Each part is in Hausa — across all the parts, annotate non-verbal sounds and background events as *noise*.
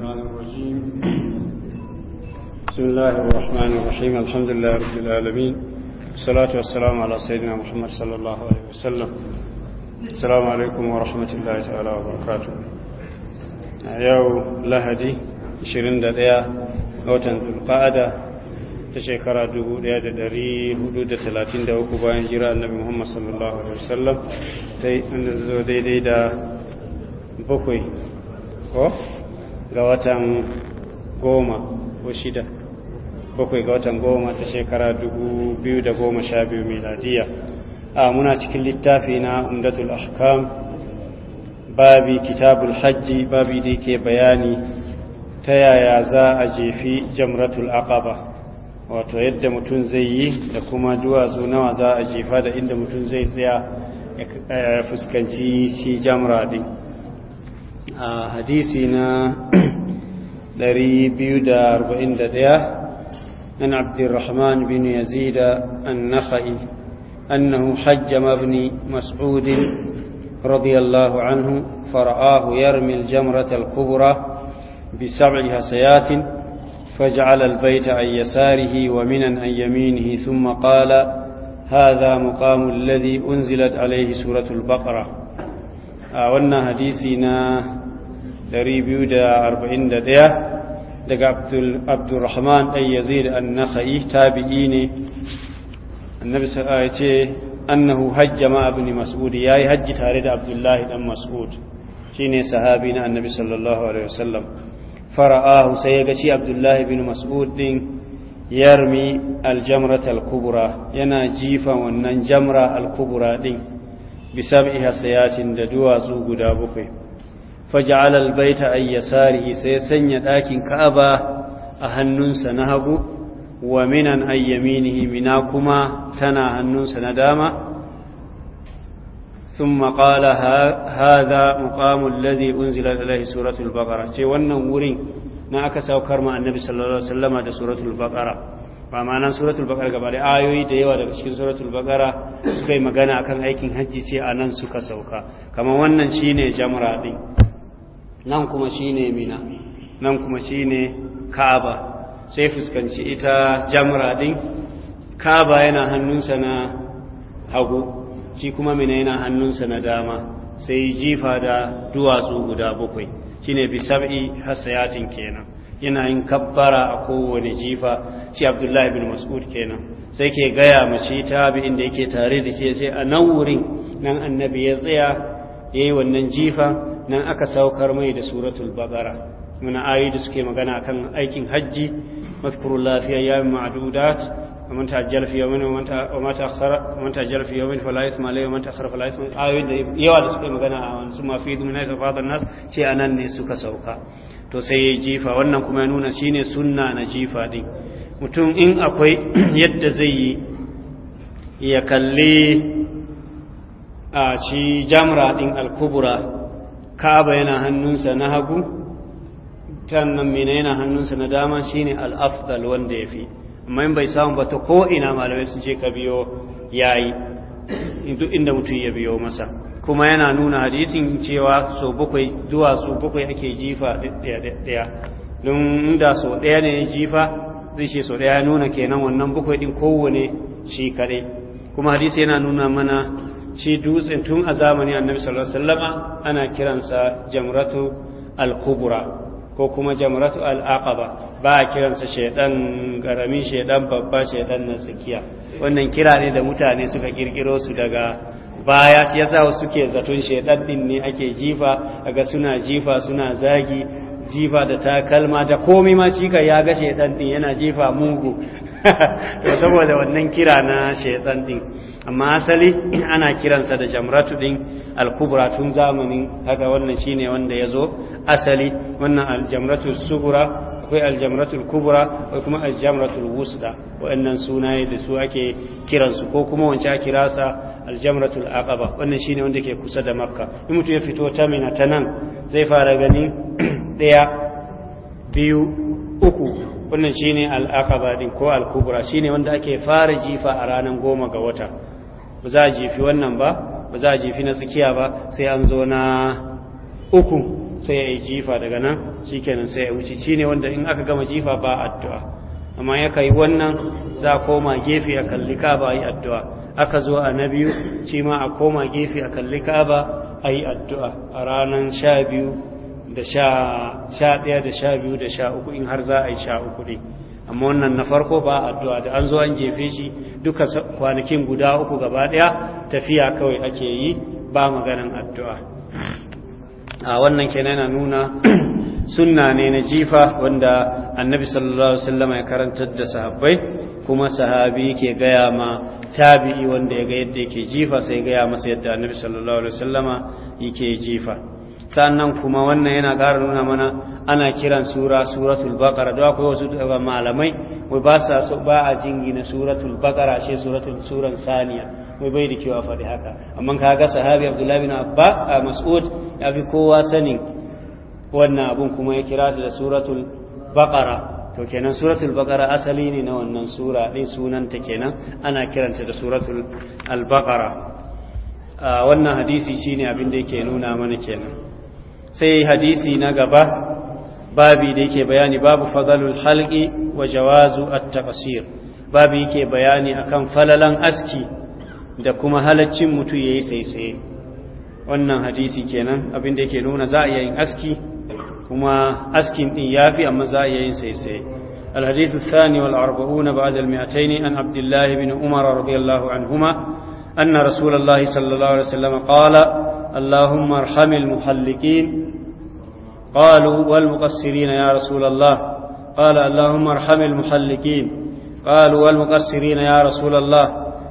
بسم الله الرحمن الرحيم الحمد لله رب العالمين والصلاة والسلام على سيدنا محمد صلى الله عليه وسلم السلام عليكم ورحمة الله تعالى وبركاته يوم لهدي شرين دقيقة watan zulqa'ada ta shekara 1433 bayan jira annabi Muhammad sallallahu alaihi wasallam sai an zo daidai da بوكوي ko ga watan goma ko shida bakwai ga watan goma ta shekara dubu biyu da goma sha biyu miladiya a muna cikin littafi na umdatul ahkam babi kitabul hajji babi da ke bayani ta yaya za a jefi jamratul aqaba wato yadda mutum zai yi da kuma duwatsu nawa za a jefa da inda mutum zai tsaya ya eh, fuskanci shi jamra din آه، حديثنا hadisi na 241 من عبد الرحمن بن يزيد النخعي أنه حجم ابن مسعود رضي الله عنه فرآه يرمي الجمرة الكبرى بسبع هسيات فجعل البيت عن يساره ومنا عن يمينه ثم قال هذا مقام الذي أنزلت عليه سورة البقرة أعونا آه، حديثنا 241 daga abdulrahman ɗan yazid annakha'i tabi'i ne annabi ya ce annahu hajja ma abin mas'ud ya yi hajji tare da abdullahi ɗan mas'ud shi ne sahabi na annabi sallallahu alaihi wasallam fara'ahu sai ya gaci abdullahi bin mas'ud ɗin yarmi aljamrat alkubura yana jifa wannan jamra alkubura ɗin bisa bi da duwatsu guda bakwai faj'ala albayta ay yasarihi sai sanya dakin ka'aba a hannunsa na hagu wa minan ay mina kuma tana hannunsa na dama thumma qala hadha muqamu alladhi unzila ilayhi suratul baqara ce wannan wurin na aka saukar ma annabi sallallahu alaihi wasallama da suratul baqara ba ma'ana suratul baqara gaba da da yawa daga cikin suratul baqara suka yi magana akan aikin hajji ce a nan suka sauka kamar wannan shine jamra din nan kuma shi ne mina nan kuma shi ne kaba sai fuskanci ita jamra din kaba yana hannunsa na hagu shi kuma mina yana hannunsa na dama sai jifa da duwatsu guda bakwai shine ne bisabi hasayatin kenan yana yin kabbara a kowane jifa shi abdullahi bin mas'ud kenan sai ke gaya mace ta bi inda yake tare da shi sai a nan wurin nan annabi ya tsaya yayi wannan jifa nan aka saukar mai da suratul bagara. muna ayi da suke magana akan aikin hajji mazkurullah fi ayyamin ma'dudat ومن تعجل في يومين ومن وما تأخر ومن تعجل في يومين فلا يسمع عليه ومن تأخر فلا يسمع آيوين da yawa da suke magana a wani suma fi dumin haifar fadar nas ce a nan ne suka sauka to sai ya jifa wannan kuma ya nuna shine sunna na jifa din mutum in akwai *clears throat* yadda zai yi ya kalli a ci jamra din alkubura Kaba yana hannunsa na hagu tannan mina yana hannunsa na dama Shi ne al’afdal wanda ya fi. amma yin bai samu ba ta ko'ina malamai sun ce ka biyo ya yi duk inda mutum ya biyo masa kuma yana nuna hadisin cewa so bakwai zuwa so bakwai ake jifa ɗaya don inda so ɗaya ne ya jifa zai ce so ɗaya nuna kenan wannan bakwai ɗin kowane shi kaɗai kuma hadisi yana nuna mana shi dutsen tun a zamani annabi sallallahu alaihi wasallama ana kiransa jamratu al-kubra ko kuma jamratu al-aqaba ba a kiransa shedan garami shedan babba shedan na tsakiya wannan kira ne da mutane suka kirkiro su daga baya shi yasa wasu suke zaton shedan din ne ake jifa kaga suna jifa suna zagi jifa da takalma da komai ma shi ya ga shedan din yana jifa mugu *laughs* saboda wannan kira na shedan din amma asali *clears throat* ana kiransa da jamratu din al-kubra tun zamanin haka wannan shine wanda ya zo asali wannan al-jamratu sugura akwai al-jamratu al-kubra akwai kuma al-jamratu al-wusta sunaye da su ake kiransu ko kuma wance a kira sa al-jamratu al-aqaba wannan shine wanda ke kusa da makka in mutum ya fito ta mina ta nan zai fara gani *clears throat* ɗaya biyu uku wannan shine ne din ko al’ubura shi shine wanda ake fara jifa a ranar goma ga wata ba za a jifi wannan ba ba za a jifi na tsakiya ba sai an zo na uku sai ya yi jifa daga nan kenan sai ya wuce shine wanda in aka gama jifa ba addu'a amma ya kai wannan za a koma gefe a kalli kaba yi addu'a aka zo a na biyu shi ma a koma gefe a kalli kaba a yi addu'a a ranar sha biyu da sha ɗaya da sha biyu da sha uku in har za a yi sha uku ne amma wannan na farko ba addu'a da an zo an jefe shi duka kwanakin guda uku gaba ɗaya tafiya kawai ake yi ba maganan addu'a a wannan kenan yana nuna *clears throat* sunna ne na jifa wanda annabi sallallahu alaihi wasallam ya karantar da sahabbai kuma sahabi ke gaya ma tabi'i wanda ya ga yadda yake jifa sai gaya masa yadda annabi sallallahu alaihi wasallama yake jifa sannan kuma wannan yana ƙara nuna mana ana kiran sura suratul baqara da akwai wasu malamai wai ba sa so ba a jingina suratul baqara she suratul suran saniya wai bai da kyau a faɗi haka amma kaga sahabi abdullahi bin abba mas'ud ya fi kowa sanin wannan abun kuma ya kira da suratul baqara to kenan suratul baqara asali ne na wannan sura din sunanta kenan ana kiranta da suratul al-baqara wannan hadisi shine abin da yake nuna mana kenan sai hadisi na gaba babi da yake bayani babu fadalul halqi wa jawazu at-taqsir babi yake bayani akan falalan aski da kuma halaccin mutu yayi saisaye wannan hadisi kenan abin da yake nuna za a yin aski kuma askin din yafi amma za a yin saisaye الحديث الثاني والأربعون بعد المئتين عن عبد الله بن عمر رضي الله عنهما أن رسول الله صلى الله عليه وسلم قال اللهم ارحم المحلقين قالوا والمقصرين يا رسول الله قال اللهم ارحم المحلقين قالوا والمقصرين يا رسول الله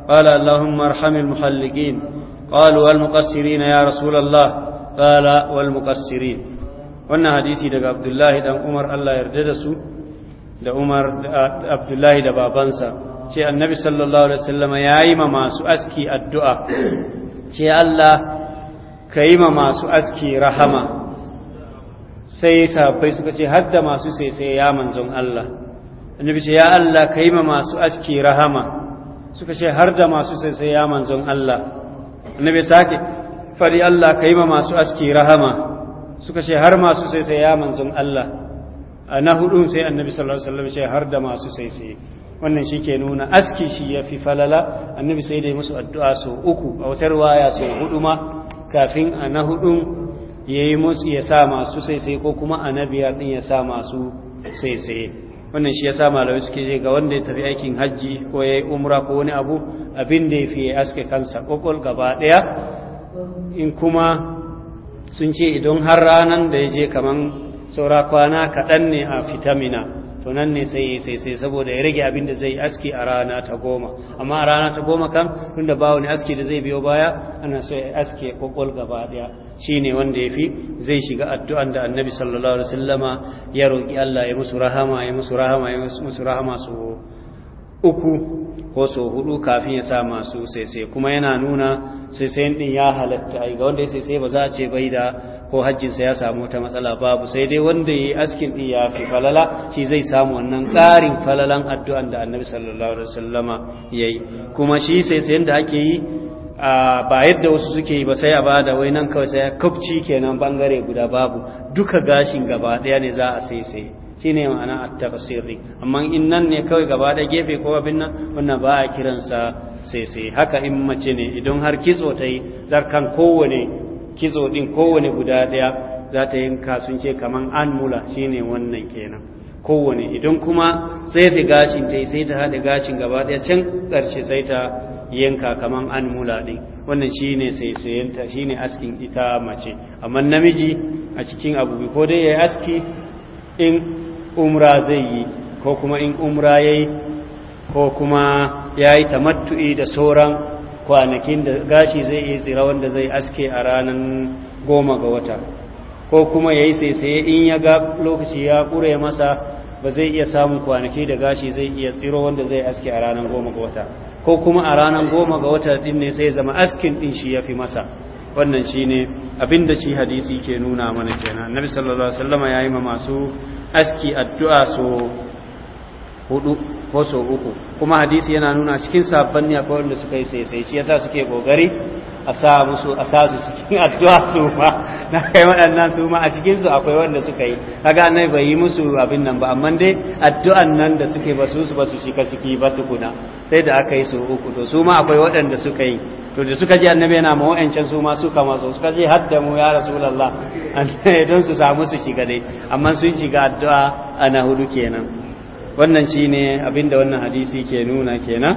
قال اللهم ارحم المحلقين قالوا والمقصرين يا رسول الله قال والمقصرين wannan hadisi daga abdullahi dan umar allah yarda da su da umar abdullahi da babansa ce annabi sallallahu alaihi wasallama ya yi ma masu aski addu'a ce allah ka yi ma masu aski rahama sai sahabbai suka ce har da masu sai sai ya manzon Allah annabi ce ya Allah ka yi ma masu aski rahama suka ce har da masu sai sai ya manzon Allah annabi sake fari Allah ka yi ma masu aski rahama suka ce har masu sai sai ya manzon Allah a na hudun sai annabi sallallahu alaihi wasallam ce har da masu sai sai wannan shi ke nuna aski shi ya fi falala annabi sai dai musu addu'a su uku a wutar waya su hudu ma kafin a na hudun ya yi musu ya sa masu sai ko kuma a na biyar ɗin ya sa masu sai wannan shi ya sa malamai suke je ga wanda ya tafi aikin hajji ko ya yi umra ko wani abu abin da ya fi ya aske kansa ƙoƙol gaba ɗaya in kuma sun ce idan har ranar da ya je kaman saura kwana kaɗan ne a fitamina to nan ne sai sai sai saboda ya rage abin da zai aski a rana ta goma amma a rana ta goma kam tunda ba wani aski da zai biyo baya ana so ya aski kokol gaba daya shine wanda yafi zai shiga addu'an da annabi sallallahu alaihi wasallama ya roki Allah ya musu rahama ya musu rahama ya musu rahama su uku ko so hudu kafin ya sa masu sai sai kuma yana nuna sai sai din ya halatta ai ga wanda sai sai ba za a ce bai da ko hajjinsa ya samu wata matsala babu sai dai wanda ya yi askin ɗin ya fi falala shi zai samu wannan ƙarin falalan addu'an da annabi sallallahu alaihi sallama ya yi kuma shi sai sayan da ake yi ba yadda wasu suke yi ba sai a bada wai nan kawai sai kafci kenan bangare guda babu duka gashin gaba ɗaya ne za a sai sai shi ne ma'ana a tafsiri amma in nan ne kawai gaba da gefe ko abin nan wannan ba a kiransa sai sai haka in mace ne idan har kitso ta yi zarkan kowane kitso din kowane guda ɗaya za ta yanka sun ce kaman an mula shine wannan kenan kowane idan kuma sai da gashin ta sai ta haɗa gashin gaba ɗaya can ƙarshe sai ta yanka kaman an mula ɗin wannan shine shi shine askin ita mace amma namiji a cikin abu ko dai ya yi aski in umra zai yi ko kuma in umra ya yi ko kuma ya ta matu’i da sauran kwanakin da gashi zai iya tsira wanda zai aske a ranar goma ga wata ko kuma ya yi saisaye in ya ga lokaci ya ƙure masa ba zai iya samun kwanaki da gashi zai iya tsiro wanda zai aske a ranar goma ga wata ko kuma a ranar goma ga wata din ne sai zama askin din shi ya fi masa wannan shi ne abin da shi hadisi ke nuna mana kenan annabi sallallahu alaihi wasallama ya yi ma masu aski addu'a so hudu ko sau uku kuma hadisi yana nuna cikin sabon ne akwai wanda suka yi sai shi yasa suke kokari a sa musu a sa su cikin *laughs* addu'a su ma na kai waɗannan su ma a cikin su akwai wanda suka yi kaga annai bai yi musu abin nan ba amma dai addu'an nan da suke ba su su ba su shiga ciki ba tukuna sai da aka yi su uku to su ma akwai waɗanda suka yi to da suka ji annabi yana ma wa'ancan su ma suka su suka ce hadda mu ya rasulullah *laughs* don su samu su shiga dai amma sun shiga addu'a ana hudu kenan wannan shi ne abinda wannan hadisi ke nuna kenan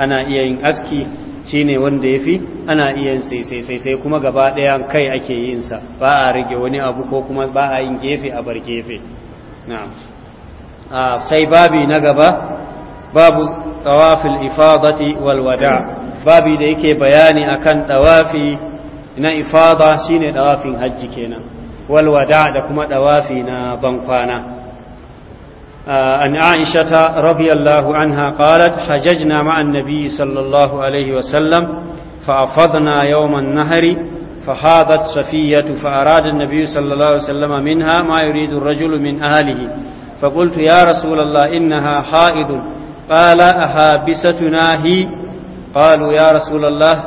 ana iya yin aski shi ne wanda ya fi. ana iya yin sai sai sai kuma gaba ɗaya kai ake yin sa ba a rage wani abu ko kuma ba a yin gefe a bar gefe sai babi na gaba babu tawafil ifadati wal wada babi da yake bayani akan tawafi na ifada shine tawafin hajji kenan Walwada da kuma tawafi na bankwana عن آه، عائشة رضي الله عنها قالت حججنا مع النبي صلى الله عليه وسلم فأفضنا يوم النهر فخاضت صفية فأراد النبي صلى الله عليه وسلم منها ما يريد الرجل من أهله فقلت يا رسول الله إنها حائض قال أهابستنا هي قالوا يا رسول الله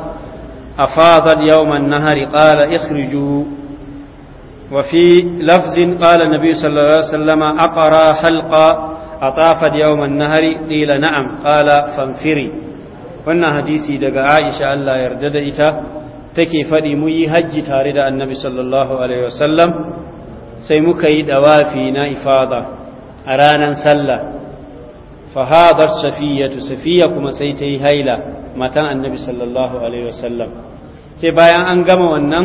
أفاضت يوم النهر قال اخرجوا وفي لفظ قال النبي صلى الله عليه وسلم أقرى حلقا أطافت يوم النهر قيل نعم قال فانفري wannan hadisi daga Aisha Allah yarda da ita take faɗi mu yi hajji tare da annabi sallallahu alaihi wasallam sai muka yi dawafi na ifada a ranar sallah fahadar safiyatu safiya kuma sai ta yi haila matan annabi sallallahu alaihi wasallam sai bayan an gama wannan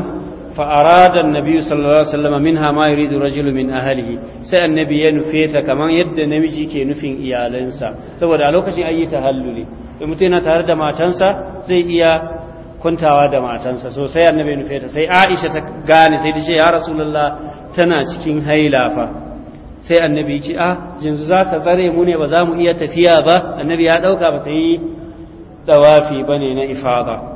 فأراد النبي صلى الله عليه وسلم منها ما يريد رجل من أهله سأل النبي ينفيت كمان يد نمجي كي نفين إيالنسا سوى دعلوك شيء أي تهللي ومتين تارد ما تنسى زي إيا كنت أواد ما تنسى سو سأل النبي ينفيت سي عائشة تقاني سيدي شيء يا رسول الله تنا شكين هيلا فا sai annabi ce a yanzu za ka tsare mu ne ba za mu iya tafiya ba annabi ya ɗauka ba ta yi ɗawafi ba ne na ifada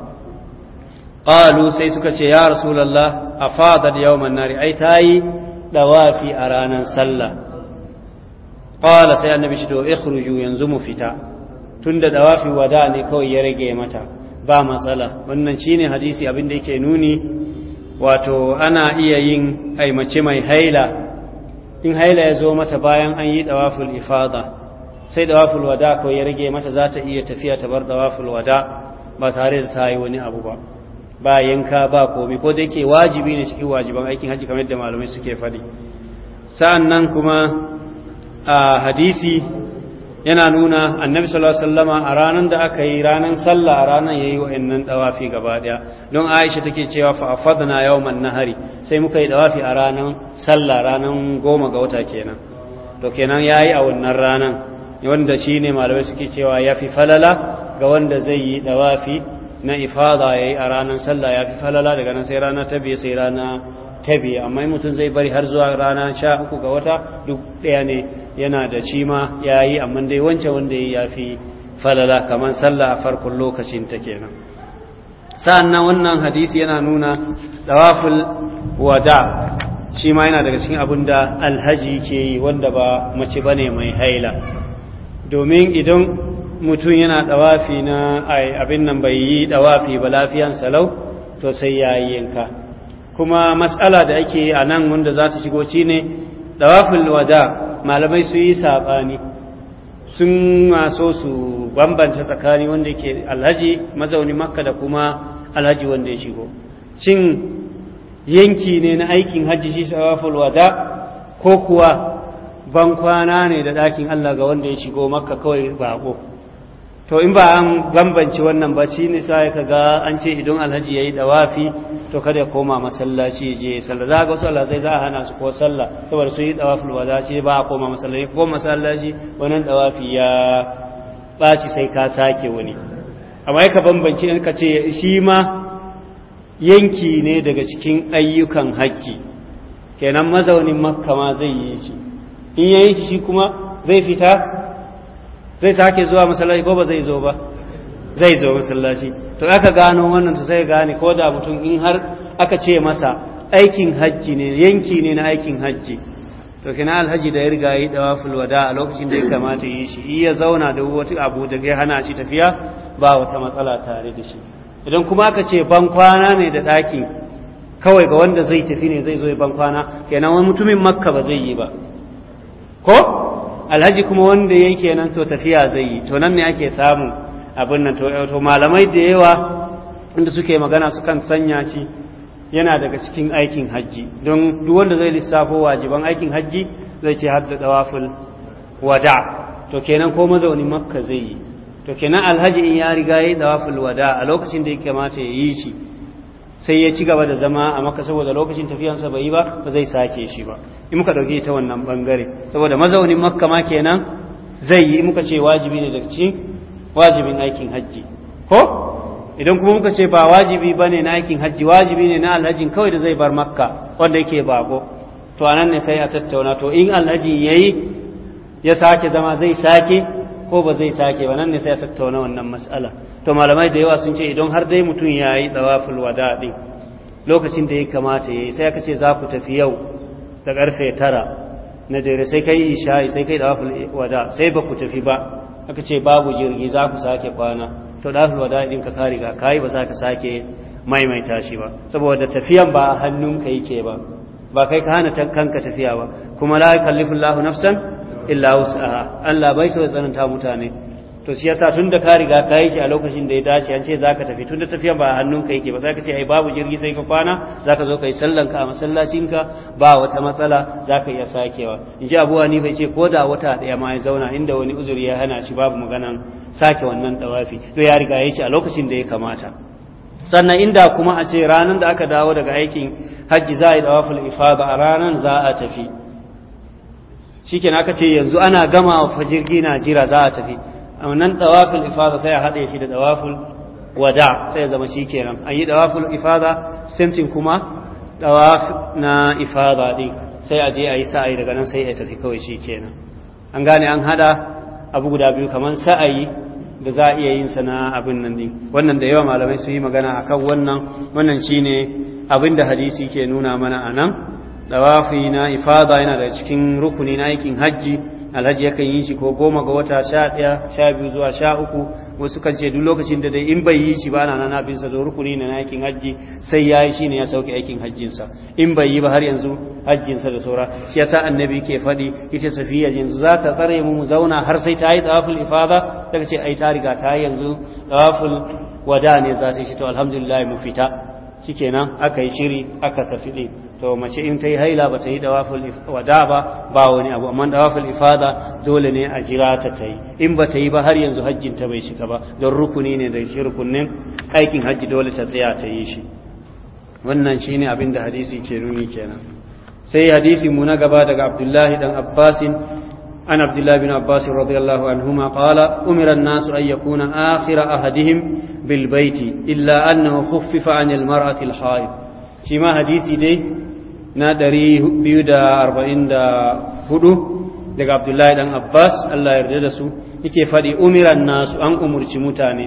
qalu sai suka ce ya rasulullah afadat yawman nari ai tayi dawafi a ranar sallah qala sai annabi shi to ikhruju yanzu mu fita tunda dawafi wada ne kawai ya rage mata ba matsala wannan shine hadisi abinda yake nuni wato ana iya yin aimace mai haila in haila ya zo mata bayan an yi dawaful ifada sai dawaful wada kawai ya rage mata za ta iya tafiya ta bar dawaful wada ba tare da ta yi wani abu ba ba yanka ba komi ko da yake wajibi ne cikin wajiban aikin haji kamar yadda malamai suke faɗi sa'annan kuma a hadisi yana nuna annabi sallallahu alaihi wasallama a ranan da aka yi ranan sallah a ranar yayi wa'annan dawafi gaba daya don Aisha take cewa fa afadna yawman nahari sai muka yi dawafi a ranan sallah ranan goma ga wata kenan to kenan yayi a wannan ranan wanda shine malamai suke cewa yafi falala ga wanda zai yi dawafi na ifada yayi a ranar sallah yafi falala daga nan sai rana ta biye sai rana ta biye amma mutum zai bari har zuwa rana sha uku ga wata duk ɗaya ne yana da shi ma ya amma dai wancan wanda ya fi falala kamar sallah a farkon lokacin ta kenan sannan wannan hadisi yana nuna dawaful wada shi ma yana daga cikin abin da alhaji ke yi wanda ba mace bane mai haila domin idan mutum yana ɗawafi na abin nan bai yi ɗawafi ba lafiyan salau to sai ya yi yanka kuma matsala da ake a nan wanda za ta shigo shi ne ɗawafin wada malamai su yi saɓani sun maso su bambanta tsakani wanda ke alhaji mazauni makka da kuma alhaji wanda ya shigo cin yanki ne na aikin hajji shi wada ko kuwa ban kwana ne da ɗakin Allah ga wanda ya shigo makka kawai baƙo. to in ba an bambanci wannan ba shi nisa ya kaga an ce idan alhaji yayi dawafi to kada ya koma masallaci je sallah za ga wasu sai za a hana su ko sallah saboda sun yi dawafin ba za ce ba a koma masallaci ko masallaci wannan dawafi ya ɓaci sai ka sake wani amma ya ka bambanci in ka ce shi ma yanki ne daga cikin ayyukan haƙƙi kenan mazaunin makka ma zai yi shi in yayi yi shi kuma zai fita zai sake zuwa masallaci ko ba zai zo ba zai zo masallaci to aka gano wannan to sai gane ko da mutum in har aka ce masa aikin hajji ne yanki ne na aikin hajji to kina alhaji da ya riga yi dawaful wada a lokacin da ya kamata yi shi iya zauna da wata abu da ya hana shi tafiya ba wata matsala tare da shi idan kuma aka ce ban kwana ne da ɗaki kawai ga wanda zai tafi ne zai zo ban kwana kenan wani mutumin makka ba zai yi ba ko alhaji kuma wanda yake nan to tafiya zai yi to nan ne ake samu abin nan to malamai da yawa inda suke magana su kan sanya shi yana daga cikin aikin hajji don duk wanda zai lissafo wajiban aikin hajji zai ce hadda dawaful wada to kenan ko mazaunin makka zai yi to kenan alhaji in ya riga yi dawaful wada a lokacin da ya kamata ya yi shi sai ya ci gaba da zama a maka saboda lokacin tafiyansa bai yi ba ba zai sake shi ba in muka dauke ta wannan bangare saboda mazaunin makka ma kenan zai yi muka ce wajibi ne daga cikin wajibin aikin hajji ko idan kuma muka ce ba wajibi ba ne na aikin hajji wajibi ne na alhajin kawai da zai bar makka wanda yake bako to anan ne sai a tattauna to in alhaji yayi ya sake zama zai sake ko ba zai sake ba nan ne sai ya tattauna wannan mas'ala to malamai da yawa sun ce idan har dai mutum ya yi tsawaful wada din lokacin da ya kamata ya yi sai aka ce za ku tafi yau da karfe tara na dare sai kai isha'i sai kai tsawaful wada sai ba ku tafi ba aka ce babu jirgi za ku sake kwana to tsawaful wada din ka kare ga kai ba za ka sake maimaita shi ba saboda tafiyan ba a hannunka yake ba ba kai ka hana kanka tafiya ba kuma la yukallifu Allahu nafsan illa wus'aha Allah bai so ya tsananta mutane to shi yasa tunda ka riga ka yi shi a lokacin da ya dace an ce zaka tafi tunda tafiya ba hannunka yake ba sai ka ce ai babu jirgi sai ka kwana zaka zo kai sallan ka a masallacin ka ba wata matsala zaka iya sakewa in ji abuwa ni bai ce ko da wata daya ma ya zauna inda wani uzuri ya hana shi babu maganan sake wannan dawafi to ya riga ya shi a lokacin da ya kamata sannan inda kuma a ce ranar da aka dawo daga aikin hajji za a yi dawaful ba a ranar za a tafi shikenan aka ce yanzu ana gama fa jirgi na jira za a tafi amma nan dawaful ifada sai a haɗe shi da dawaful wada sai ya zama shikenan an yi dawaful ifada sentin kuma dawaf na ifada din sai a je a yi sa'ayi daga nan sai a tafi kawai kenan an gane an haɗa abu guda biyu kamar sa'ayi da za a iya yin sa na abin nan din wannan da yawa malamai su yi magana akan wannan wannan shine abin da hadisi ke nuna mana a nan dawafi na ifada yana da cikin rukuni na aikin hajji alhaji yakan yi shi ko goma ga wata sha ɗaya sha biyu zuwa sha uku wasu kan ce duk lokacin da dai in bai yi shi ba na nan abin sa rukuni na aikin hajji sai ya yi ne ya sauke aikin hajjinsa in bai yi ba har yanzu hajjinsa da saura shi yasa annabi ke faɗi ita safiya yanzu za ta tsare mu mu zauna har sai ta yi tsawaful ifada daga ce ai ta riga ta yi yanzu tsawaful wada ne za ta shi to alhamdulillah mu fita shikenan aka yi shiri aka tafi ɗin to mace in ta yi haila ba ta yi dawaful wada ba ba wani abu amma dawaful ifada dole ne a jira ta ta yi in ba ta yi ba har yanzu hajjin ta bai shiga ba don rukuni ne da shi rukunin aikin hajji dole ta tsaya ta yi shi wannan shine abin da hadisi ke nuni kenan sai hadisi mu na gaba daga abdullahi dan abbasin bin عبد radiyallahu بن عباس رضي الله عنهما قال أمر الناس أن يكون آخر illa بالبيت إلا أنه خفف عن المرأة الحائض شما hadisi dai. na biyu da da arba'in hudu daga abdullahi dan abbas allah yarda da su yake faɗi umiran nasu an umurci mutane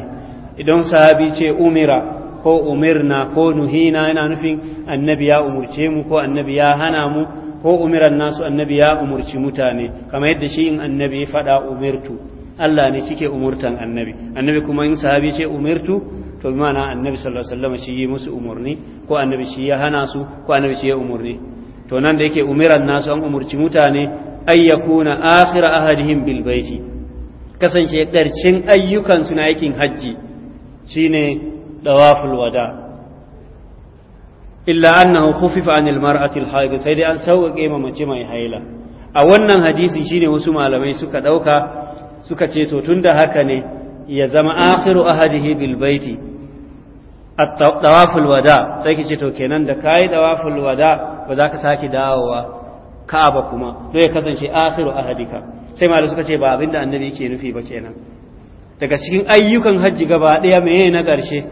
idan sahabi ce umira ko umirna ko nuhina yana nufin annabi ya umurce mu ko annabi ya hana mu ko umiran nasu annabi ya umurci mutane kamar yadda shi in annabi ya faɗa umirtu Allah ne cike umurtan annabi annabi kuma in sahabi ce umirtu to mana annabi sallallahu alaihi wasallam shi yi musu umurni ko annabi shi ya hana su ko annabi shi ya umurni to nan da yake umiran nasu an umurci mutane ay yakuna akhir ahadihim bil baiti kasance karshen ayyukan su na aikin hajji shine dawaful wada illa annahu khufifa anil mar'ati al haid sai dai an sauƙaƙe ma mace mai haila a wannan hadisin shine wasu malamai suka dauka suka ce to tunda haka ne ya zama akhiru ahadihi bil baiti tawaful wada sai ki ce to kenan da kayi tawaful wada ba za ka saki dawowa ka'aba kuma to ya kasance akhiru ahadika sai malu suka ce ba abinda annabi yake nufi ba kenan daga cikin ayyukan hajji gaba daya meye na karshe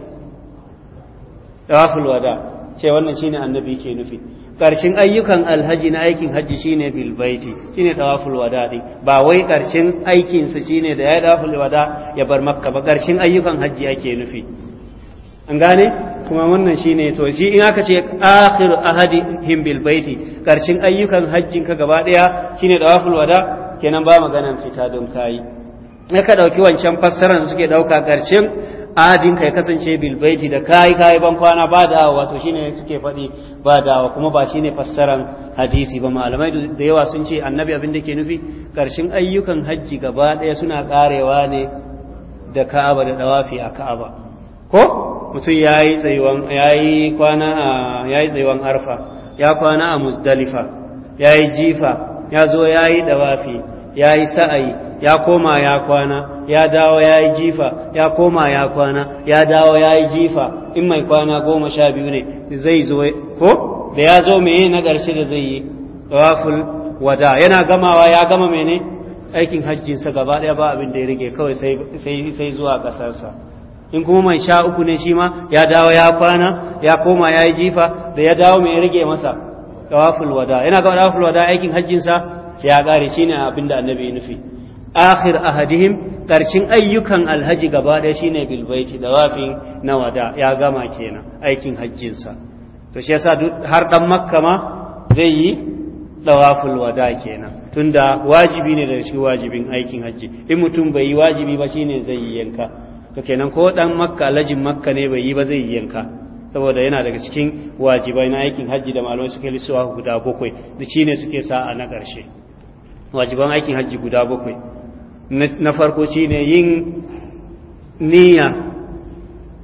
tawaful wada ce wannan shine annabi yake nufi karshen ayyukan alhaji na aikin hajji shine bil baiti shine tawaful wada din ba wai karshen aikin sa shine da ya tawaful wada ya bar makka ba karshen ayyukan hajji ake nufi an gane kuma wannan shine to shi in aka ce akhir him bil baiti karshen ayyukan hajjin ka gaba daya shine dawaful wada kenan ba maganan fita don kai na ka dauki wancan fassarar suke dauka karshen ahadin kai kasance bil baiti da kai kai ban kwana ba da wato shine suke fadi ba da kuma ba shine fassaran hadisi ba malamai da yawa sun ce annabi abin da ke nufi karshen ayyukan hajji gaba daya suna karewa ne da ka'aba da dawafi a ka'aba ko mutum ya yi tsayuwan arfa ya kwana a musdalifa ya yi jifa ya zo ya yi dawafi ya yi sa'ayi ya koma ya kwana ya dawo ya yi jifa ya koma ya kwana ya dawo ya yi jifa in mai kwana goma sha biyu ne zai zo ko da ya zo mai na ƙarshe da zai yi dawaful wada yana gamawa ya gama mene aikin hajjinsa gaba ɗaya ba abin da ya rage kawai sai zuwa ƙasarsa in kuma mai sha uku ne shi ma ya dawo ya kwana ya koma ya yi jifa da ya dawo mai rage masa dawaful wada yana ga dawaful wada aikin hajjinsa ya kare shine abinda da annabi ya nufi akhir ahadihim karshen ayyukan alhaji gaba daya shine bil baiti dawafin na wada ya gama kenan aikin hajjinsa to shi yasa har dan makka ma zai yi dawaful wada kenan tunda wajibi ne da shi wajibin aikin hajji in mutum bai yi wajibi ba shine zai yi yanka to kenan ko dan makka lajin makka ne bai yi ba zai yi yanka saboda yana daga cikin wajibai na aikin hajji da malamai suke lissuwa guda bakwai da shi ne suke sa'a na ƙarshe wajiban aikin hajji guda bakwai na farko shi ne yin niyya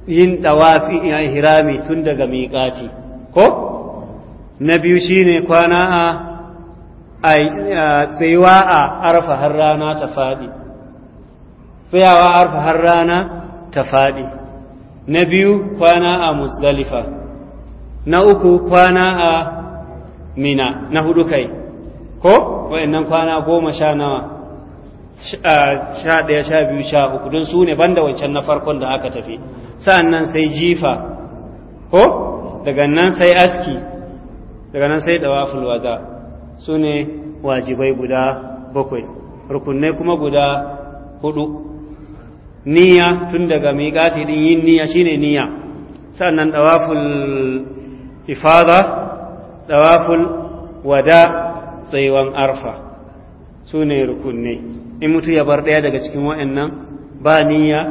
yin ɗawafi hirami tun daga miƙati ko na biyu shi ne kwana a tsayuwa a arfa har rana ta faɗi tsayawa arfa har rana ta faɗi na biyu kwana a muzdalifa na uku kwana a mina na hudu kai ko wayannan kwana goma sha nawa sha ɗaya sha biyu sha uku don su ne banda wancan na farkon da aka tafi sa'an nan sai jifa ko daga nan sai aski daga nan sai dawa waza su ne wajibai guda bakwai rukunai kuma guda hudu niyya tun daga miƙati ɗin yin niyya shine niyya sannan dawaful ifada dawaful wada tsayuwan arfa su ne rukunne in mutu ya bar ɗaya daga cikin wa'annan ba niyya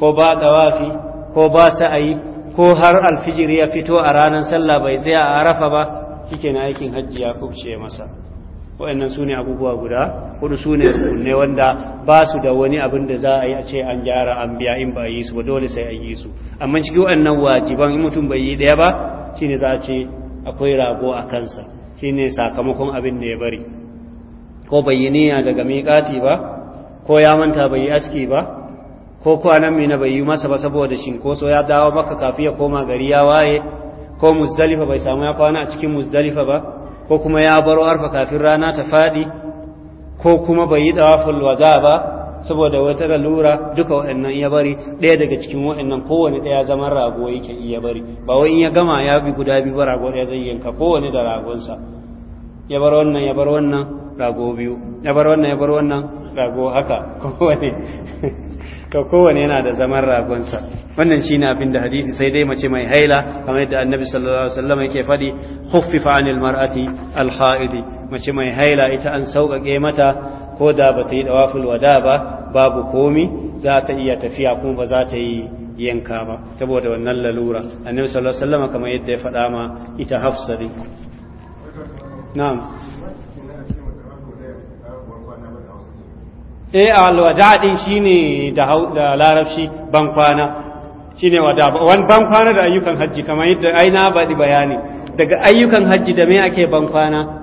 ko ba dawafi ko ba sa'ayi ko har alfijir ya fito a ranar sallah bai zai a arafa ba kike na aikin hajji ya kubce masa waɗannan su ne abubuwa guda hudu su ne ne wanda ba su da wani abin da za a yi a ce an gyara an biya in ba yi su ba dole sai an yi su amma cikin wa'annan wajiban in mutum bai yi ɗaya ba shine za a ce akwai rago a kansa shine sakamakon abin da ya bari ko bai yi niyya daga miƙati ba ko ya manta bai yi aski ba ko kwanan mina bai yi masa ba saboda shinkoso ya dawo maka kafi ya koma gari ya waye ko muzdalifa bai samu ya kwana a cikin muzdalifa ba ko kuma ya baro arfa kafin rana ta faɗi ko kuma bai yi dawaful waza ba saboda wata lura duka waɗannan ya bari ɗaya daga cikin waɗannan kowane ɗaya zaman rago yake iya bari ba wai in ya gama ya bi guda biyu ba rago ɗaya zai yanka kowane da ragonsa ya bar wannan ya bar wannan rago biyu ya bar wannan ya bar wannan rago haka kowane *laughs* to kowane yana da zaman ragonsa wannan shi ne abin da hadisi sai dai mace mai haila kamar yadda annabi sallallahu alaihi wasallam yake faɗi khuffifa anil mar'ati al ha'idi mace mai haila ita an sauƙaƙe mata ko da bata ta yi dawaful wada ba babu komi za ta iya tafiya kuma ba za ta yi yanka ba saboda wannan lalura annabi sallallahu alaihi wasallam kamar yadda ya faɗa ma ita hafsa din na'am eh alwada din shine da da larabci ban kwana shine wada wan ban kwana da ayyukan haji kamar yadda ai na baɗi bayani daga ayyukan haji da me ake ban kwana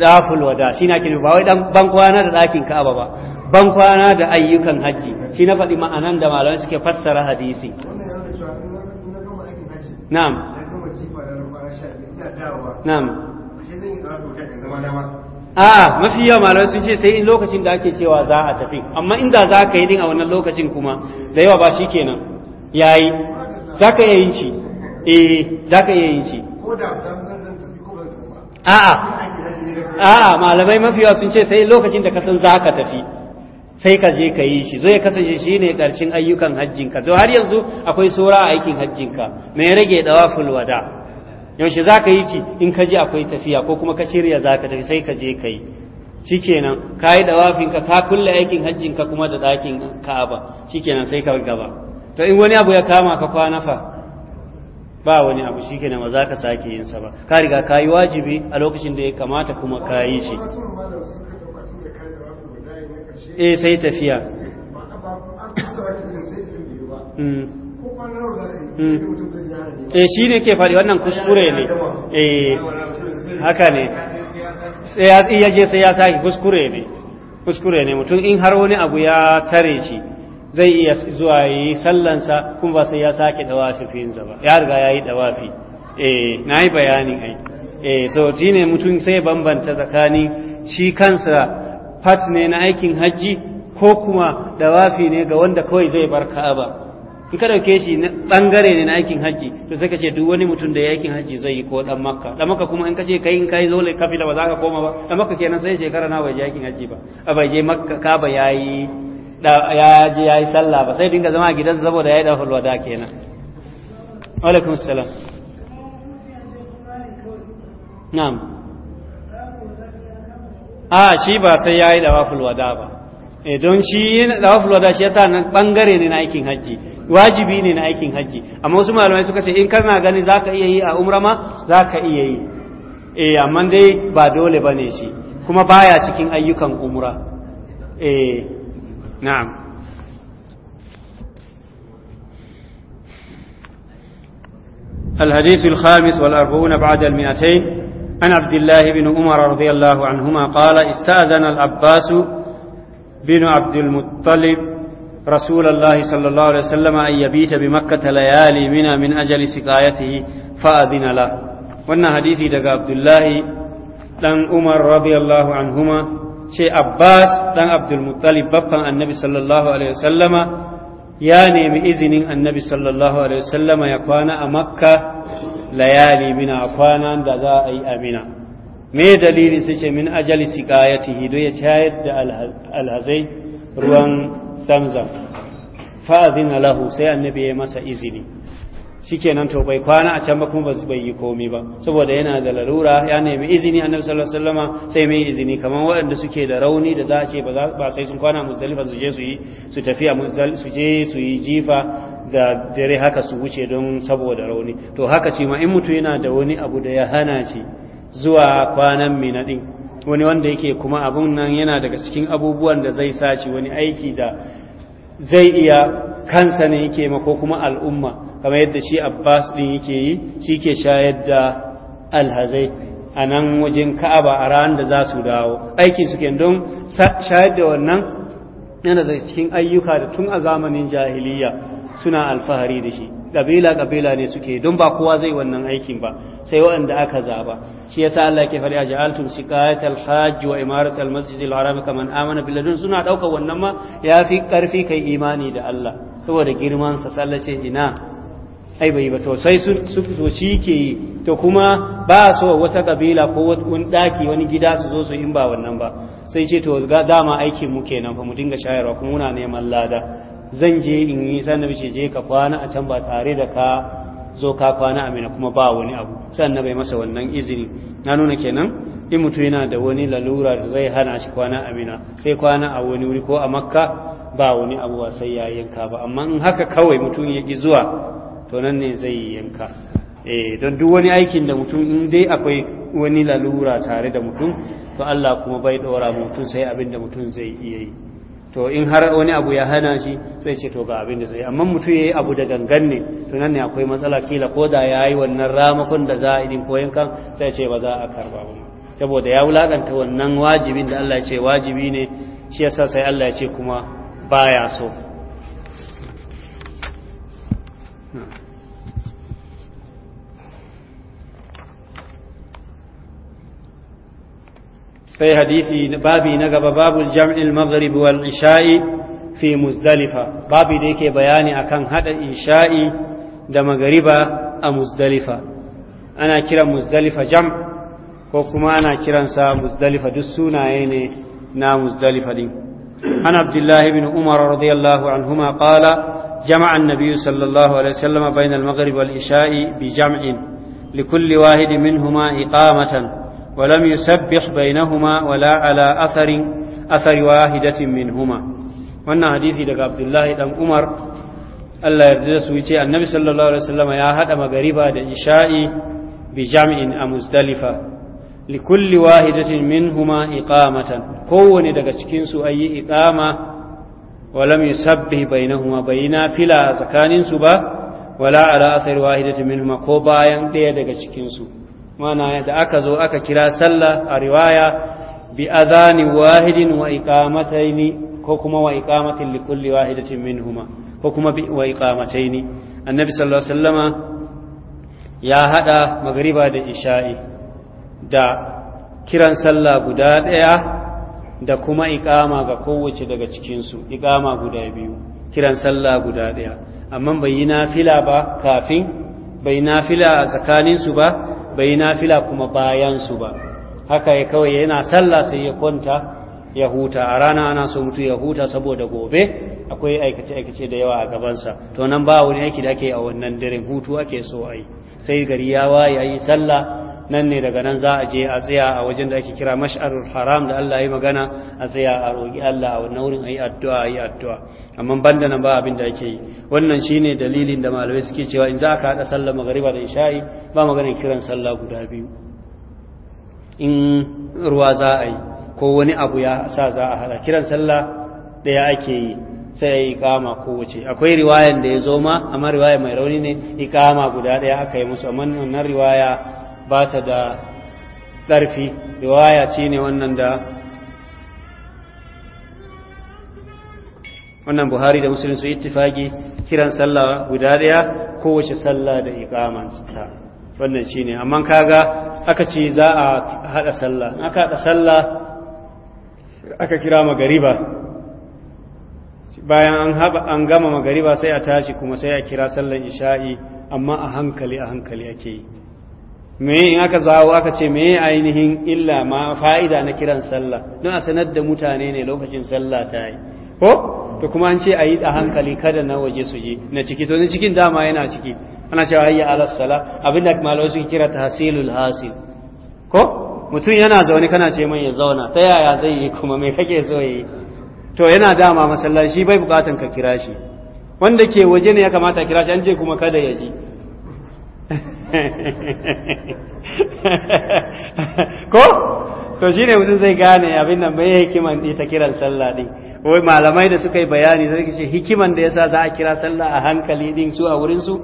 daful wada shine ake ba wai dan ban kwana da dakin Ka'aba ba ban kwana da ayyukan haji shi na faɗi ma'anan da malamai suke fassara hadisi na'am na'am a mafi yawa malamai sun ce sai in lokacin da ake cewa za a tafi amma inda za ka yi din a wannan lokacin kuma da yawa ba shi kenan yayi za ka iya yin shi eh za ka iya yin shi a'a a'a malamai mafi yawa sun ce sai lokacin da ka san za ka tafi sai ka je ka yi shi zo ya kasance shi ne ƙarshen ayyukan hajjinka to har yanzu akwai sura a aikin hajjinka mai rage dawaful wada yaushe za ka yi ci in ka ji akwai tafiya ko kuma ka shirya za ka tafi sai ka je ka yi kenan ka yi da wafinka ka kulle aikin hajjinka kuma da ɗakin ka'aba kenan sai ka gaba to in wani abu ya kama ka kwana fa ba wani abu kenan ba za ka sake yin sa ba ka riga ka yi wajibi a lokacin da ya kamata kuma ka yi shi eh sai tafiya Hmm. eh shi ne ke faɗi wannan kuskure ne eh haka ne sai ya je sai ya sake kuskure ne kuskure ne mutum in har wani abu ya tare shi zai iya zuwa yi sallansa kuma ba sai ya sake fi fiyinsa ba ya riga ya yi fi eh na yi bayanin ai eh so shi ne mutum sai bambanta tsakanin shi kansa fat ne na aikin hajji ko kuma dawafi ne ga wanda kawai zai bar ka'aba in ka dauke shi bangare ne na aikin hajji to sai ka ce duk wani mutum da ya aikin hajji zai yi ko dan makka dan makka kuma in ka ce kai in kai zo lai kafila ba za ka koma ba dan makka kenan sai shekara na bai je aikin hajji ba a bai je makka ka ba yayi ya je yayi sallah ba sai dinga zama a gidansa saboda yayi dafal da kenan wa alaikum assalam na'am a shi ba sai yayi dafal da ba eh, don shi dafal wada shi yasa nan bangare ne na aikin hajji wajibi ne na aikin haji amma wasu malamai suka ce in kana gani zaka iya yi a umra ma zaka iya yi eh amma dai ba dole bane shi kuma baya cikin ayyukan umra eh na'am الحديث الخامس والأربعون بعد المئتين عن عبد الله بن عمر رضي الله عنهما قال استأذن العباس بن عبد المطلب رسول الله صلى الله عليه وسلم أن يبيت بمكة ليالي منا من أجل سقايته فأذن له وأن حديثي دقى عبد الله دان عمر رضي الله عنهما شيء عباس دان عبد المطلب بابا النبي صلى الله عليه وسلم يا نيم إذن النبي صلى الله عليه وسلم يكون مكة layali mina kwanan da za a yi amina me dalili su ce min ajali siƙayatihi don ya cayar da alhazai ruwan zamzam fa'azina lahu sai annabi ya masa izini shikenan to bai kwana a can ba kuma bai yi komi ba saboda yana da larura ya nemi izini annabi sallallahu alaihi wasallama sai mai izini kamar waɗanda suke da rauni da za a ce ba sai sun kwana muzdalifa su je su yi su tafi a su je su yi jifa da dare haka su wuce don saboda rauni to haka ce ma in mutu yana da wani abu da ya hana shi zuwa kwanan mina din wani wanda yake kuma abun nan yana daga cikin abubuwan da zai sace wani aiki da zai iya kansa ne yake ma kuma al'umma kamar yadda shi abbas din yake yi shi ke shayar da alhazai a nan wajen ka'aba a ran da za su dawo aikin su don shayar da wannan yana daga cikin ayyuka da tun a zamanin jahiliya suna alfahari da shi kabila kabila ne suke don ba kowa zai wannan aikin ba sai waɗanda aka zaba shi yasa Allah ke faɗi a ja'altum siqayatal hajj wa imaratal masjidil haram kaman amana billadun suna ɗauka wannan ma yafi karfi kai imani da Allah saboda girman sa sallace ina ai bai ba to sai su to shi ke yi to kuma ba so wata kabila ko wani daki wani gida su zo su in ba wannan ba sai ce to dama aikin mu kenan fa mu dinga shayarwa kuma muna neman lada zan je in yi sannan je ka kwana a can ba tare da ka zo ka kwana a amina kuma ba wani abu Sannan bai masa wannan izini na nuna kenan in mutum yana da wani lalura da zai hana shi kwana a amina sai kwana a wani wuri ko a makka ba wani abu ba sai ya yanka ba amma in haka kawai mutum ya ki zuwa to nan ne zai yi yanka eh don duk wani aikin da mutum in dai akwai wani lalura tare da mutum to Allah kuma bai dora mutum sai abin da mutum zai iya yi to in har wani abu ya hana shi sai ce to ga abin da zai amma mutum ya yi abu da gangan ne to ne akwai matsala kila ko da ya yi wannan ramakon da za a idin koyon kan sai ce ba za a karba ba saboda ya wulakanta wannan wajibin da Allah ya ce wajibi ne shi yasa sai Allah ya ce kuma baya so sai hadisi babi na gaba babu jam'il maghrib wal isha'i fi muzdalifa babi da yake bayani akan hada isha'i da magariba a muzdalifa ana kiran muzdalifa jam ko kuma ana sa muzdalifa duk sunaye ne na muzdalifa din an abdullahi ibn umar radiyallahu anhuma qala جمع النبي صلى الله عليه وسلم بين المغرب والعشاء بجمع لكل واحد منهما إقامة ولم يسبح بينهما ولا على أثر أثر واحدة منهما wannan hadisi daga abdullahi dan umar allah yarda da su wuce annabi sallallahu alaihi wasallam ya hada magariba da isha'i bi jam'in a muzdalifa li kulli wahidatin minhuma iqamatan kowane daga cikin su ayi iqama wa lam yusabbih bainahuma bayna fila tsakanin su ba wala ala athar wahidatin minhuma ko bayan daya daga cikin su mana da aka zo aka kira sallah a riwaya bi adhani wahidin wa iqamataini ko kuma wa iqamatin kulli wahidatin minhuma ko kuma bi wa iqamataini annabi sallallahu alaihi wasallama ya hada magriba da isha'i da kiran sallah guda daya da kuma iqama ga kowace daga cikinsu iqama guda biyu kiran sallah guda daya amma bai yi nafila ba kafin bai nafila a tsakaninsu ba bai nafila kuma bayansu ba haka ya kawai yana sallah sai ya kwanta ya huta a rana ana so mutu ya huta saboda gobe akwai aikace-aikace da yawa a gabansa to nan ba wani aiki da ake a wannan dare hutu ake so a sai gari ya waye a yi sallah nan ne daga nan za a je a tsaya a wajen da ake kira mash'arul haram da Allah ya yi magana a tsaya a roƙi Allah a wannan wurin ayi addu'a ayi addu'a amma banda nan ba abin da yake yi wannan shine dalilin da malamai suke cewa in za ka hada sallar magariba da isha'i ba maganar kiran sallah guda biyu in ruwa za a yi ko wani abu ya sa za a hada kiran sallah ɗaya ake yi sai yi kama kowace akwai riwayan da ya zo ma amma riwaya mai rauni ne ikama guda daya aka yi musu amma wannan riwaya ba ta da ɗarfi riwaya ce ne wannan da wannan buhari da musulun su ittifaki kiran sallah guda ɗaya kowace sallah da ikamanta wannan shi ne amma kaga aka ce za a haɗa sallah aka haɗa sallah aka kira magariba bayan an gama magariba sai a tashi kuma sai a kira sallan isha'i amma a hankali a hankali ake yi me in aka zawo aka ce me ainihin illa ma fa'ida na kiran sallah don a sanar da mutane ne lokacin sallah ta yi ko to kuma an ce a yi a hankali kada na waje su je na ciki to na cikin dama yana ciki ana cewa hayya ala sala abin da malamai suke kira tahsilul hasil ko mutum yana zaune kana ce mai ya zauna ta yaya zai yi kuma me kake so yi to yana dama masallaci bai bukatan ka kira shi wanda ke waje ne ya kamata kira shi an je kuma kada ya ji *laughs* *laughs* ko to shine mutum zai gane abin nan bai hikiman ita kiran sallah din wai malamai da suka yi bayani zai ce hikiman da yasa za a kira sallah a hankali din su a wurin su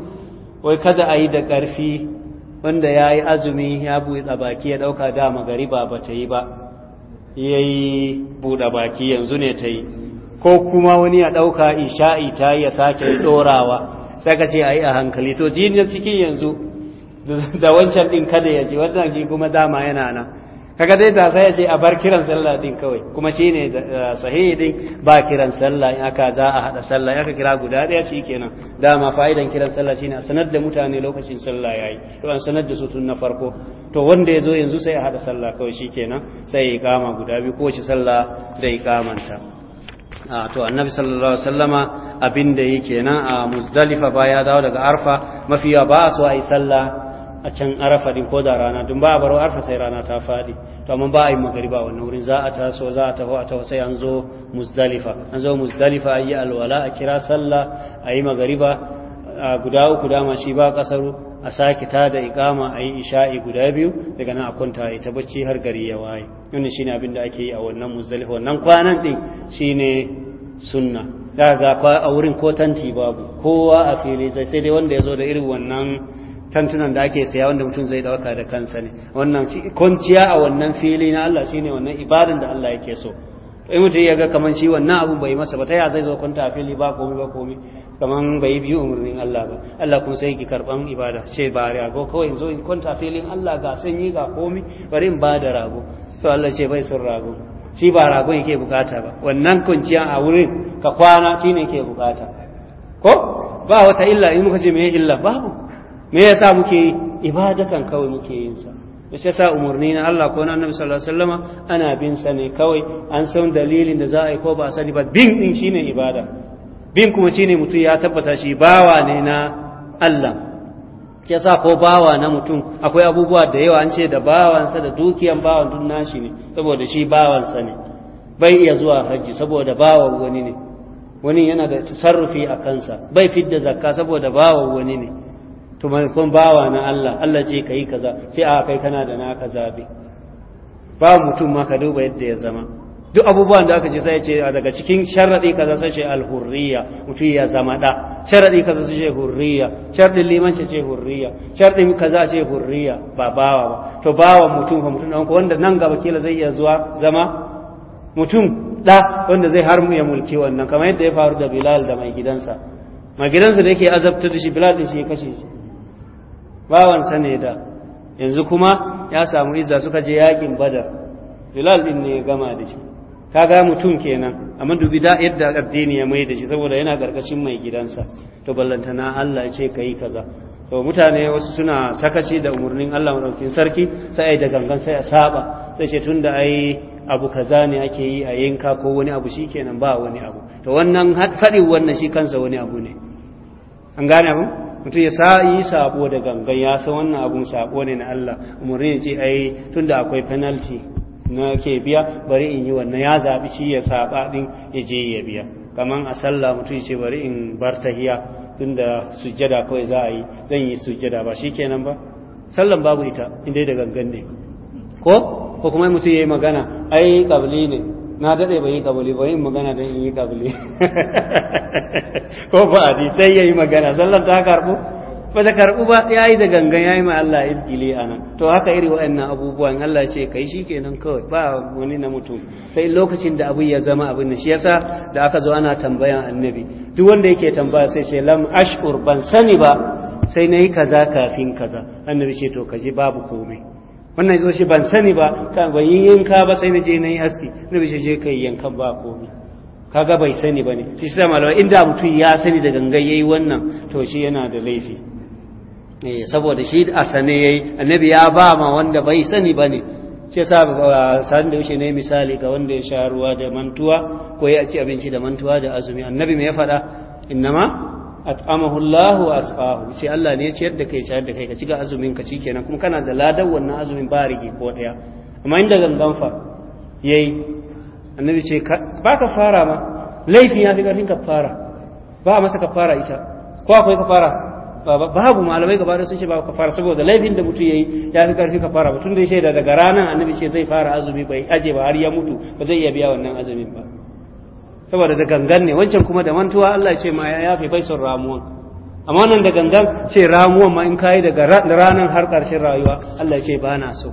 wai kada a yi da ƙarfi wanda ya yi azumi ya buɗe baki ya ɗauka da magariba ba ta yi ba ya yi buɗe baki yanzu ne ta yi ko kuma wani ya ɗauka isha'i ta yi ya sake ɗorawa sai ka ce a yi a hankali to jini cikin yanzu da wancan din kada ya je wannan shi kuma dama yana nan kaga dai da sai ya je a bar kiran sallah din kawai kuma shine eh, sahihi din ba kiran sallah in aka za a hada sallah in aka kira guda daya shi kenan dama fa'idan kiran sallah shine a sanar da mutane lokacin sallah yayi to an sanar da su tun na farko to wanda ya zo yanzu sai a hada sallah kawai shi kenan sai ya kama guda biyu kowace sallah da a ah, to annabi sallallahu alaihi wasallama abinda da yake nan a muzdalifa ba ya dawo daga arfa mafiya ba su ai sallah a can arafa din ko da rana don ba a baro arfa sai rana ta faɗi to amma ba a yi magariba wannan wurin za a taso za a taho a taho sai an zo muzdalifa an zo muzdalifa a yi alwala a kira sallah a yi magariba a guda uku dama shi ba kasaru a sake ta da iqama a yi isha'i guda biyu daga nan a kwanta a yi ta bacci har gari ya waye wannan shine abin da ake yi a wannan muzdalifa wannan kwanan din shine sunna da ga a wurin ko babu kowa a fili sai dai wanda ya zo da irin wannan tantunan da ake saya wanda mutum zai dauka da kansa ne wannan kwanciya a wannan fili na Allah shine wannan ibadan da Allah yake so in mutum ya ga kaman shi wannan abu bai masa ba ta ya zai zo kwanta a fili ba komai ba komai kaman bai biyu umurnin Allah ba Allah kun sai ki karban ibada ce ba rago kawai in zo in kwanta a filin Allah ga sanyi ga komai bari in ba da rago to Allah ce bai son rago shi ba rago yake bukata ba wannan kwanciya a wurin ka kwana shine yake bukata ko ba wata illa in muka ce me illa babu me yasa muke yi ibadatan kawai muke yin sa da shi sa umarni na Allah ko na Annabi sallallahu alaihi wasallama ana bin sa ne kawai an san dalilin da za a yi ko ba a sani ba bin din shine ibada bin kuma shine mutum ya tabbata shi bawa ne na Allah ke sa ko bawa na mutum akwai abubuwa da yawa an ce da sa da dukiyan bawan duk nashi ne saboda shi sa ne bai iya zuwa haji saboda bawan wani ne wani yana da tasarrufi a kansa bai fidda zakka saboda bawan wani ne to mai kun bawa na Allah Allah ce kai kaza sai a kai kana da na kaza be ba mutum ma ka duba yadda ya zama duk abubuwan da aka ce sai ce daga cikin sharadi kaza sai ce al-hurriya mutum ya zama da sharadi kaza sai ce hurriya sharadin liman sai ce hurriya sharadin kaza ce hurriya ba bawa ba to bawa mutum fa mutum dan wanda nan gaba kila zai iya zuwa zama mutum da wanda zai har mu ya mulki wannan kamar yadda ya faru da Bilal da mai gidansa mai gidansa da yake azabtar da shi Bilal din shi ya kashe shi bawansa ne da yanzu kuma ya samu izza suka je yakin badar bilal din ne ya gama da shi ka kaga mutum kenan amma dubi da yadda addini ya mai da shi saboda yana karkashin mai gidansa to ballantana Allah ya ce kai kaza to mutane wasu suna sakaci da umarnin Allah dauki sarki sai ai da gangan sai a saba sai ce tunda ai abu kaza ne ake yi a yanka ko wani abu shikenan ba wani abu to wannan fadin wannan shi kansa wani abu ne an gane abu mutum ya sa yi sabo da gangan ya sa wannan abun sabo ne na Allah umarni ya ce ai tunda akwai penalty na ke biya bari in yi wannan ya zaɓi shi ya saba din ya je ya biya kamar a sallah mutum ya ce bari in bar tahiya tunda sujjada kawai za a yi zan yi sujjada ba shi kenan ba sallan babu ita inda da gangan ne ko kuma mutum ya yi magana ai kabli ne na daɗe ban yi kabali yi magana don yi kabali *laughs* ko ba a sai ya yi magana sallan ta karɓu ba ta karɓu ba ya yi da gangan ya yi ma Allah izgili a nan to haka iri waɗannan abubuwan Allah ce kai shi kenan kawai ba wani na mutum sai lokacin da abu ya zama abin shi yasa da aka zo ana tambayan annabi duk wanda yake tambaya sai ce lam ashur ban sani ba sai na yi kaza kafin kaza annabi ce to kaji babu komai wannan zo shi ban sani ba ka yi yanka ba sai na je na yi aski na bishe je kai yankan ba komi kaga bai sani ba ne shi sa malama inda mutum ya sani da gangan yayi wannan to shi yana da laifi eh saboda shi a sane yayi annabi ya ba ma wanda bai sani ba ne shi sa da wuce ne misali ga wanda ya sha ruwa da mantuwa ko ya ci abinci da mantuwa da azumi annabi mai ya faɗa innama at'amahu Allah wa asfahu sai Allah ne ya ciyar da kai ciyar da kai ka ci ga azumin ka kenan kuma kana da ladan wannan azumin ba rige ko daya amma inda zangan fa yayi annabi ce ba ka fara ma laifin ya fi karfin ka fara ba masa ka fara ita ko akwai ka fara babu malamai gaba sun ce ba ka fara saboda laifin da mutum yayi ya fi karfi ka fara mutum da ya shaida daga ranar annabi ce zai fara azumi bai aje ba har ya mutu ba zai iya biya wannan azumin ba saboda da gangan ne wancan kuma da mantuwa Allah ce ma ya bai son ramuwan amma wannan da gangan ce ramuwan ma in kayi daga ranar har ƙarshen rayuwa Allah ce ba na so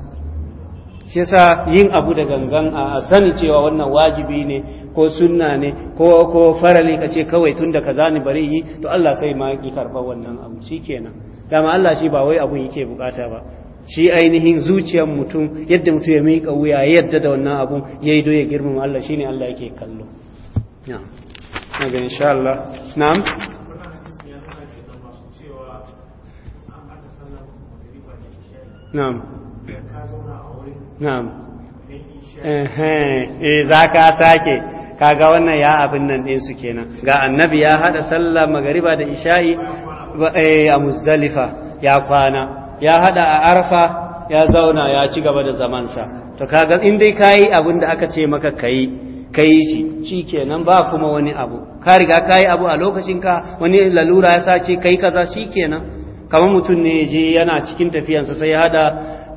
shi yasa yin abu da gangan a sani cewa wannan wajibi ne ko sunna ne ko ko farali kace kawai tunda kaza ni bari yi to Allah sai ma ki karba wannan abu shikenan dama Allah shi ba wai abun yake bukata ba shi ainihin zuciyar mutum yadda mutum ya mika wuya yadda da wannan abun yayi do ya girmama Allah shine Allah yake kallo ya daga insha Allah na'am eh, ka sake kaga wannan ya abin nan ɗin su kenan ga annabi ya hada sallah magariba da isha'i eh, a muzdalifa ya kwana ya haɗa a arfa ya zauna ya ci gaba da zamansa to kaga in dai kayi abin da aka ce maka kayi kai shi shi kenan ba kuma wani abu ka riga ka yi abu a lokacinka wani lalura ya sace kai kaza shi kenan kamar mutum ne je yana cikin tafiyansa sai ya hada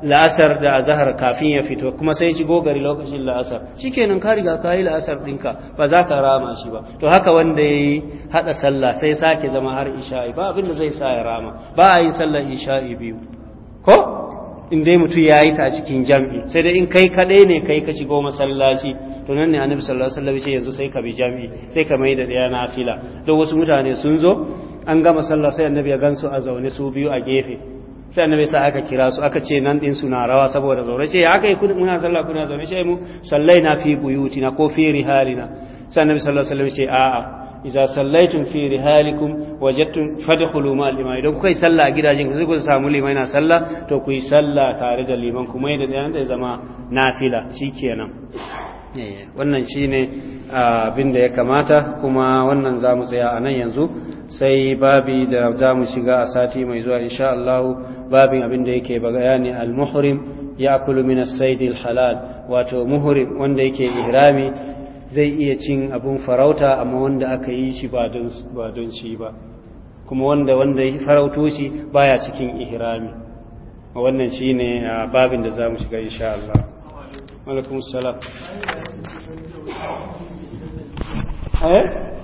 la'asar da azahar kafin ya fito kuma sai shigo gari lokacin la'asar shi kenan ka riga ka yi la'asar ɗinka ba za ka rama shi ba to haka wanda ya yi haɗa sallah sai sake zama har isha'i ba abin da zai sa ya rama ba a yi sallar isha'i biyu ko in dai mutum ya yi ta a cikin jam'i sai dai in kai kaɗai ne kai ka shigo masallaci to nan ne annabi sallallahu alaihi wasallam ce yanzu sai ka bi jam'i sai ka mai da ɗaya na fila don wasu mutane sun zo an gama sallah sai annabi ya gansu a zaune su biyu a gefe sai annabi sa aka kira su aka ce nan din suna rawa saboda zaune ce ya aka yi muna sallah kuna zaune ce mu sallai na fi buyutina ko fi rihalina sai annabi sallallahu alaihi wasallam ce a'a iza sallaitum fi rihalikum wajadtum fadkhulu ma al-imam idan kuka yi salla a gidajen ku ku samu limai na sallah to ku yi sallah tare da liman ku. mai da da zama nafila shikenan eh, wannan shine ah, abin da ya kamata kuma wannan zamu tsaya a nan yanzu sai babi da zamu shiga a sati mai zuwa insha Allah babin abin da yake bayani al-muhrim ya min as-sayd al-halal wato muhrim wanda yake ihrami zai iya cin abin farauta amma wanda aka yi shi ba don shi ba kuma wanda wanda ya farauto shi baya cikin ihrami wannan shine babin da zamu shiga insha Allah alaikum